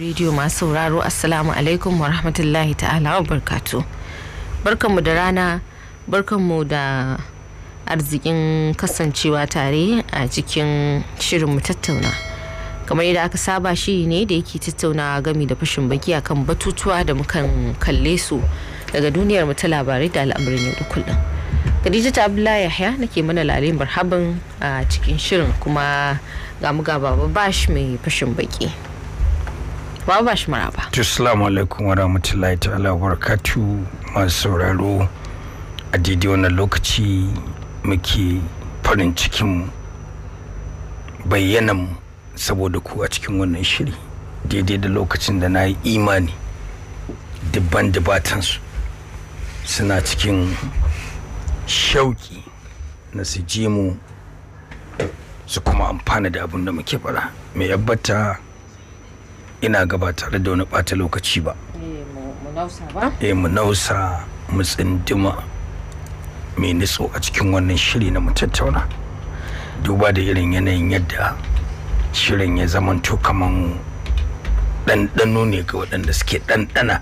Radio masu sauraro Assalamu alaikum wa rahmatullahi ta'ala wa barkatu. Barkanmu da rana, barkanmu da arzikin kasancewa tare a cikin shirinmu tattauna. Kamar yadda aka saba shiri ne da yake tattauna gami da fashin baki akan batutuwa da mukan kalle su daga duniyar mu ta labarai da al'amuran yau da kullum. Khadija Abdullahi Yahya nake mana lalin barhaban a cikin shirin kuma ga mu ga baba bash mai fashin baki. Baba Bash Maraba. Assalamu alaikum wa rahmatullahi ta'ala wa masu sauraro a daidai wannan lokaci muke farin cikin bayyanan saboda ku a cikin wannan shiri daidai da lokacin da na yi imani dubban dubatansu suna cikin shauki na su mu su kuma amfana da abin da muke fara mai yabbata ina gaba tare da wani ɓata lokaci ba eh mu eh, nausa mu tsindima mai nitso a cikin wannan shiri na mu tattauna duba da irin yanayin yadda shirin ya zamanto kaman ɗanɗano ne ga waɗanda suke ɗanɗana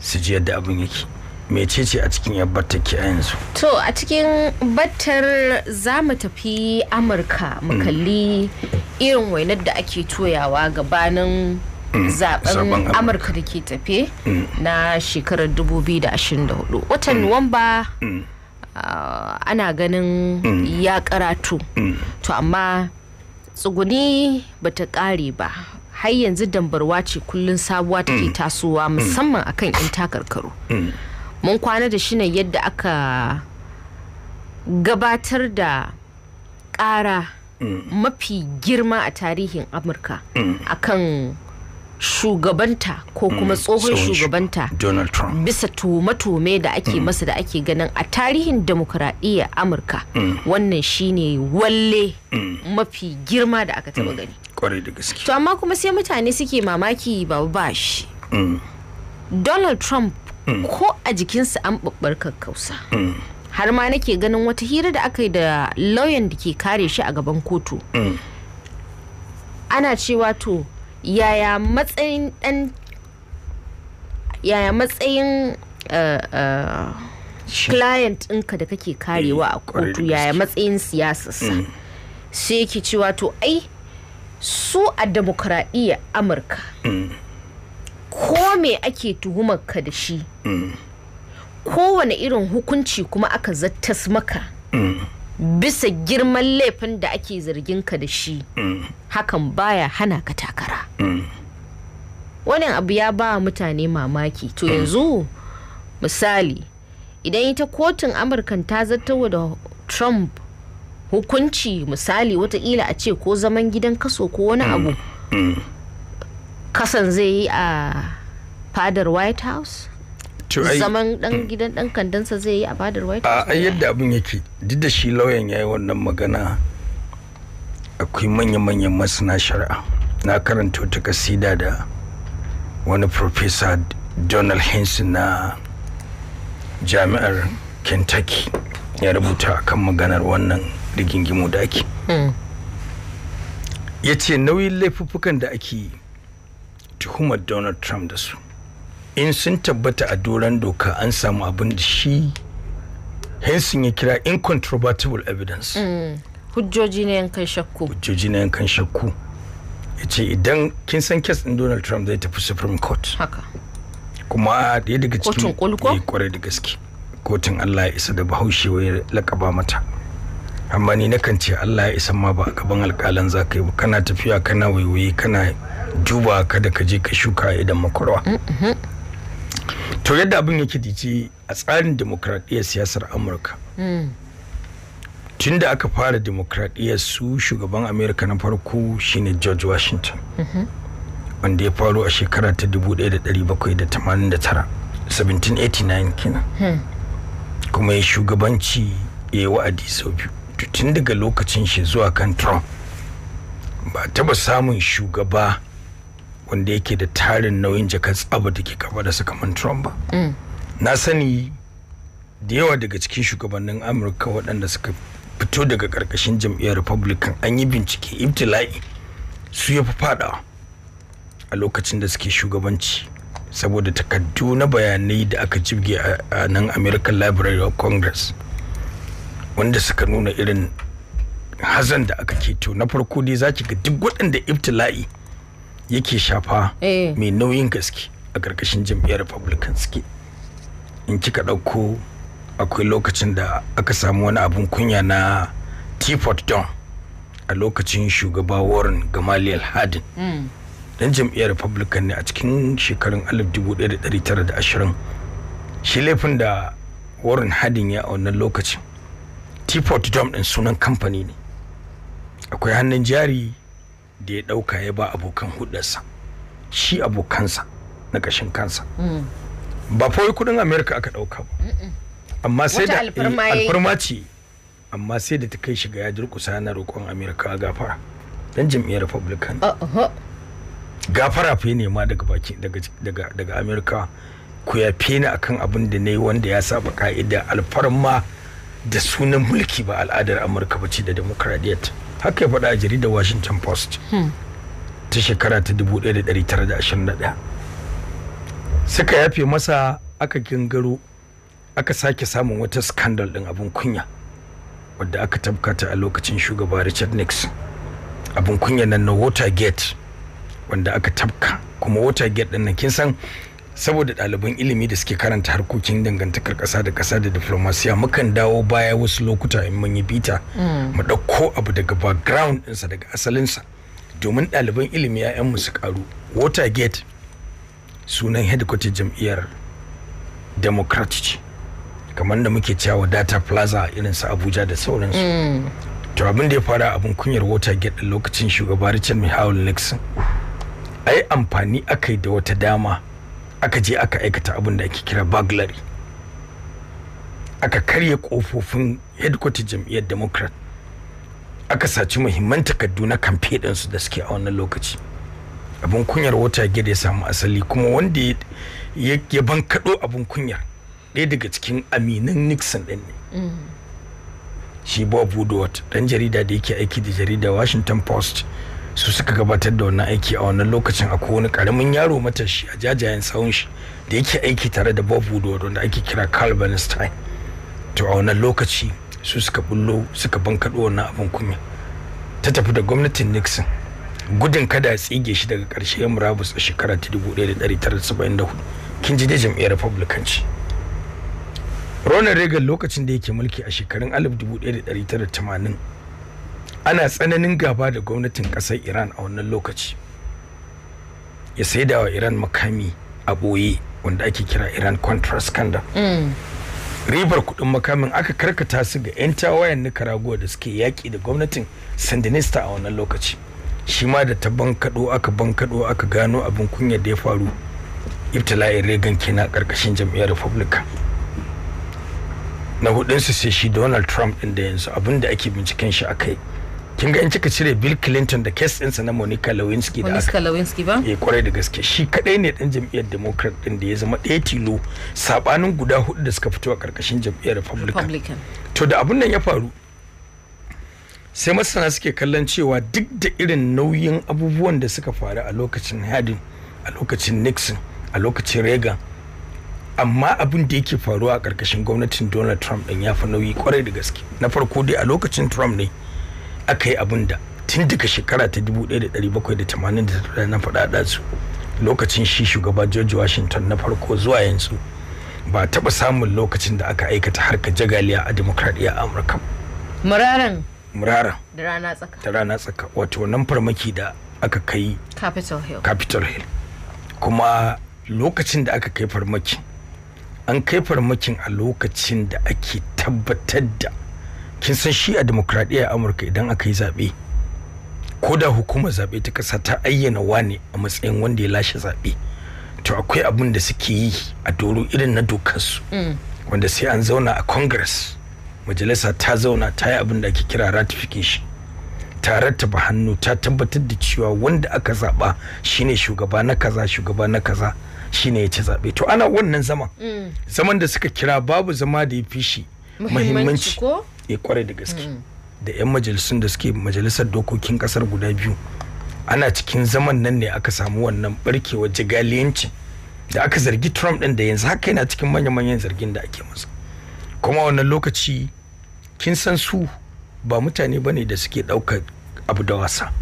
su ji yadda abin yake mecece a cikin yabbar take a yanzu to a cikin battar za mu tafi amurka mu mm. kalli irin wainar da ake toyawa gabanin mm. zaben amurka da ke tafe mm. na shekarar 2024 watan nuwamba uh, ana ganin ya karatu to amma tsuguni ba ta kare ba har yanzu dambarwa ce kullum sabuwa take tasowa musamman akan 'yan takarkaru mun kwana da shi ne yadda aka gabatar da ƙara mafi girma a tarihin amurka mm. akan shugabanta ko mm. kuma tsohon shugabanta bisa tuhume da ake mm. masa da ake ganin a tarihin demokuraɗiyya amurka wannan shine walle mafi girma da aka taba gani kwarai da gaske to amma kuma sai mutane suke mamaki babu shi donald trump Hmm. ko a jikinsu an babbar kakkausa hmm. har ma nake ganin wata hira da aka yi da lauyan da ke kare shi a gaban kotu hmm. ana cewa to yaya matsayin dan yaya matsayin eh, eh, client ɗinka da kake karewa eh, a kotu yaya matsayin siyasarsa sai yake cewa to ai su a demokradiyyar amurka ko me ake tuhumar ka da shi kowane irin hukunci kuma aka zattas maka bisa girman laifin da ake zargin ka da shi hakan baya hana ka takara wannan abu ya ba mutane mamaki to yanzu misali idan ita kotun amurkan ta zartarwa da trump hukunci misali watakila a ce ko zaman gidan kaso ko wani abu kasan zai yi a fadar white house zaman dan gidan dan kandansa zai yi a fadar white house a yadda abin yake duk da shi lauyan ya yi wannan magana akwai manya-manyan masana shari'a na karanta wata kasida da wani professor donald hinson na jami'ar kentucky ya rubuta kan maganar wannan rigingimu da ake hmm. ya ce nauyin laifuffukan da ake yi tuhumar donald trump da su in sun tabbata a doron doka an samu abin da shi hensin ya kira incontrovertible evidence mm. hujjoji na yankan shakku hujjoji na yankan shakku ya ce idan kin san kes din donald trump zai tafi supreme court haka kuma da daga cikin kwarai eh, da gaske kotun allah ya isa da bahaushe wai lakaba mata amma ni nakan ce Allah ya isa ma ba a gaban alƙalan za ka yi ba kana tafiya kana waiwaye kana duba kada ka je ka shuka idan makarwa mm-hmm. to yadda abin yake dice a tsarin demokradiyyar siyasar amurka mm. tunda aka fara demokradiyyar su shugaban amurka na farko shine george washington mm-hmm. wanda ya faru a shekara ta 1789 1789 kenan hmm. kuma ya shugabanci ya yi wa'adi sau biyu to tun daga lokacin shi zuwa kan trump ba taba samun shugaba wanda yake da tarin nauyin jakar tsaba da ke kaba da sakamakon trump ba mm. na sani da yawa daga cikin shugabannin amurka waɗanda suka fito daga ƙarƙashin jam'iyyar republican an yi bincike ibtila'i su ya fi fada a lokacin da suke shugabanci saboda takaddu na bayanai da aka jibge a nan american library of congress wanda suka nuna irin hazan da aka ke to na farko dai za ki ga duk waɗanda iftila'i yake shafa eh. mai nauyin gaske a ƙarƙashin jam'iyyar republican suke in kika ɗauko akwai lokacin da aka samu wani abin kunya na tifot don a lokacin shugaba warren gamaliel hardin hmm. dan jam'iyyar republican ne a cikin shekarun 1920 shi laifin da warren hadin ya a wannan lokacin teapot port din sunan kamfani ne akwai hannun jari da ya dauka ya ba abokan hudarsa shi abokansa na kashin kansa ba fawai kudin amerika aka dauka ba amma sai da eh, alfarma ce amma sai da ta kai shiga ya durkusa na roƙon amerika gafara dan jam'iyyar republican gafara fiye nema daga baki daga amerika ku ya ni akan abin da na yi wanda ya saba ka'ida alfarma da sunan mulki ba al'adar amurka ba ce da demokradiyyat haka ya faɗa a jaridar washington post hmm. ta shekara ta 1921 suka yafe masa aka gangaro aka sake samun wata scandal ɗin abin kunya wadda aka tabkata a lokacin shugaba richard nixon abin kunya nan na watergate wanda aka tabka kuma watergate ɗin nan kin san saboda ɗaliban ilimi da suke karanta harkokin dangantakar ƙasa da ƙasa da diplomasiya mukan dawo baya wasu lokuta in mun yi bita mm. mu ɗauko abu daga background ɗinsa daga asalinsa domin ɗaliban ilimi mu su ƙaru watergate sunan headquarter jam'iyyar democratic kamar da muke cewa data plaza irin su abuja da sauransu mm. to abin da ya fara abin kunyar watergate ɗin lokacin shugaba richard mihawul nixon ai amfani aka da wata dama aka je aka aikata abin da ake kira burglary aka karya kofofin headquarter jam'iyyar democrat aka saci muhimman takardu na kamfe su da suke a wannan lokaci abin kunyar watergate ya samu asali kuma wanda ya bankado abin kunyar ɗaya daga cikin aminan nixon din ne mm. shi bob woodward dan jarida da yake aiki da jarida washington post su suka gabatar da wannan aiki a wannan lokacin akwai wani karamin yaro matashi a jajayen tsawon shi da yake aiki tare da bob woodward wanda ake kira carl bernstein to a wannan lokaci su suka bullo suka bankaɗo wannan abin kunya ta tafi da gwamnatin nixon gudun kada ya tsige shi daga ƙarshe ya murabus a shekara ta dubu da da hudu kin ji dai jam'iyyar republican ci. ronald reagan lokacin da yake mulki a shekarun alif dubu da tamanin. ana tsananin gaba da gwamnatin kasar iran a wannan lokaci ya da wa iran makami a boye wanda ake kira iran contrast kanda mm. ribar kudin makamin aka karkata su ga 'yan tawayen nicaragua da suke yaƙi da gwamnatin sandinista a wannan lokaci shi ma da ta bankaɗo aka bankaɗo aka gano abin kunya da ya faru ibtila'in reagan kina ƙarƙashin jam'iyyar republican na hudunsu sai shi donald trump ɗin da yanzu abin da ake binciken shi akai kin ga in kika cire bill clinton da case ɗinsa na monica lewinsky da aka lewinsky ba eh kwarai da gaske shi kadai ne dan jam'iyyar democrat din da ya zama ɗaya tilo sabanin guda hudu da suka fito a karkashin jam'iyyar republican to da abun nan ya faru sai masana suke kallon cewa duk da irin nauyin abubuwan da suka faru a lokacin hadin a lokacin nixon a lokacin reagan amma abin da yake faruwa a karkashin gwamnatin donald trump ɗin ya fi nauyi kwarai da gaske na farko dai a lokacin trump ne aka yi abin da tun daga shekara ta 1789 na faɗaɗa su lokacin shi shugaba george washington na farko zuwa yanzu ba taɓa samun lokacin da aka aikata harkar jagaliya a demokradiyyar amurka muraran muraran da rana tsaka da rana tsaka wato nan farmaki da aka kai capitol hill hill kuma lokacin da aka kai farmakin an kai farmakin a lokacin da ake tabbatar da kin san shi a demokradiyya amurka idan aka yi zaɓe ko da hukumar zaɓe ta ƙasa ta ayyana wane a matsayin wanda ya lashe zaɓe to akwai abin da suke yi a doro irin na dokarsu mm. wanda sai an zauna a congress majalisa ta zauna ta yi abin da ake kira ratification ta rattaba hannu ta tabbatar da cewa wanda aka zaɓa shine shugaba na kaza shugaba na kaza shine ya ci zaɓe to ana wannan zaman mm. zaman da suka kira babu zama da ya fi shi muhimmanci ya eh, kware da gaske mm. da 'yan majalisun da suke majalisar dokokin kasar guda biyu ana cikin zaman nan ne aka samu wannan barkewar jigaliyanci da aka zargi trump din da yanzu haka yana cikin manya-manyan zargin da ake masa kuma wannan lokaci kin san su ba mutane bane da suke ɗaukar abu da wasa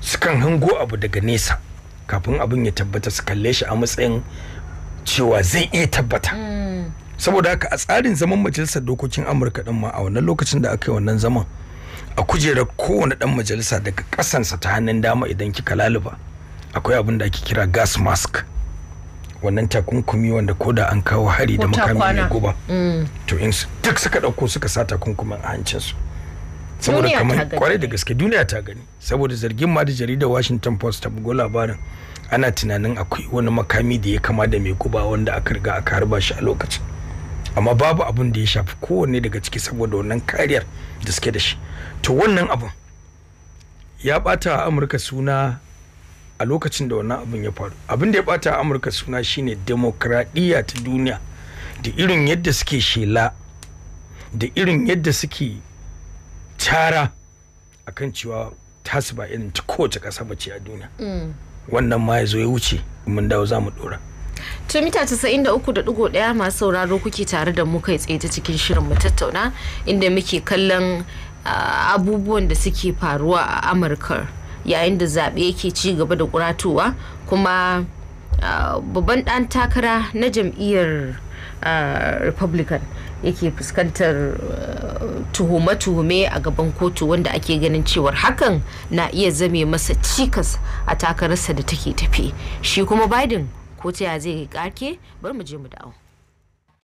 sukan hango abu daga nesa kafin abin ya tabbata su kalle shi a matsayin cewa zai iya tabbata mm. saboda haka a tsarin zaman majalisar dokokin amurka din ma a wannan lokacin da aka yi wannan zaman a kujerar kowane dan majalisa daga kasansa ta hannun dama idan kika laluba akwai abin da ake kira gas mask wannan takunkumi wanda ko da an kawo hari da makami mai guba mm. to in duk suka dauko suka sa takunkumin a su saboda kamar kwarai da gaske duniya ta gani saboda zargin ma da jaridar washington post ta bugo labarin ana tunanin akwai wani makami da ya kama da mai guba wanda aka riga aka harba shi a lokacin amma babu abin da ya shafi kowanne daga ciki saboda wannan kariyar da suke da shi to wannan abun ya bata a amurka suna a lokacin da wannan abun ya faru abin da ya bata a amurka suna shine demokradiyya ta duniya da irin yadda suke shela da irin yadda suke tara akan cewa tasu ba irin ta kowace ƙasa ce a duniya mm. wannan ma ya zo ya wuce mun dawo za mu dora To mita 93.1 masu sauraro kuke tare da mu kai tsaye ta cikin shirin mu tattauna inda muke kallon abubuwan da suke faruwa a Amurka yayin da zaɓe yake ci gaba da kuratowa kuma babban ɗan takara na jam'iyyar Republican yake fuskantar tuhume-tuhume a gaban kotu wanda ake ganin cewar hakan na iya zame masa cikas a takararsa da take tafi shi kuma Biden ko ta zai karke bari mu je mu dawo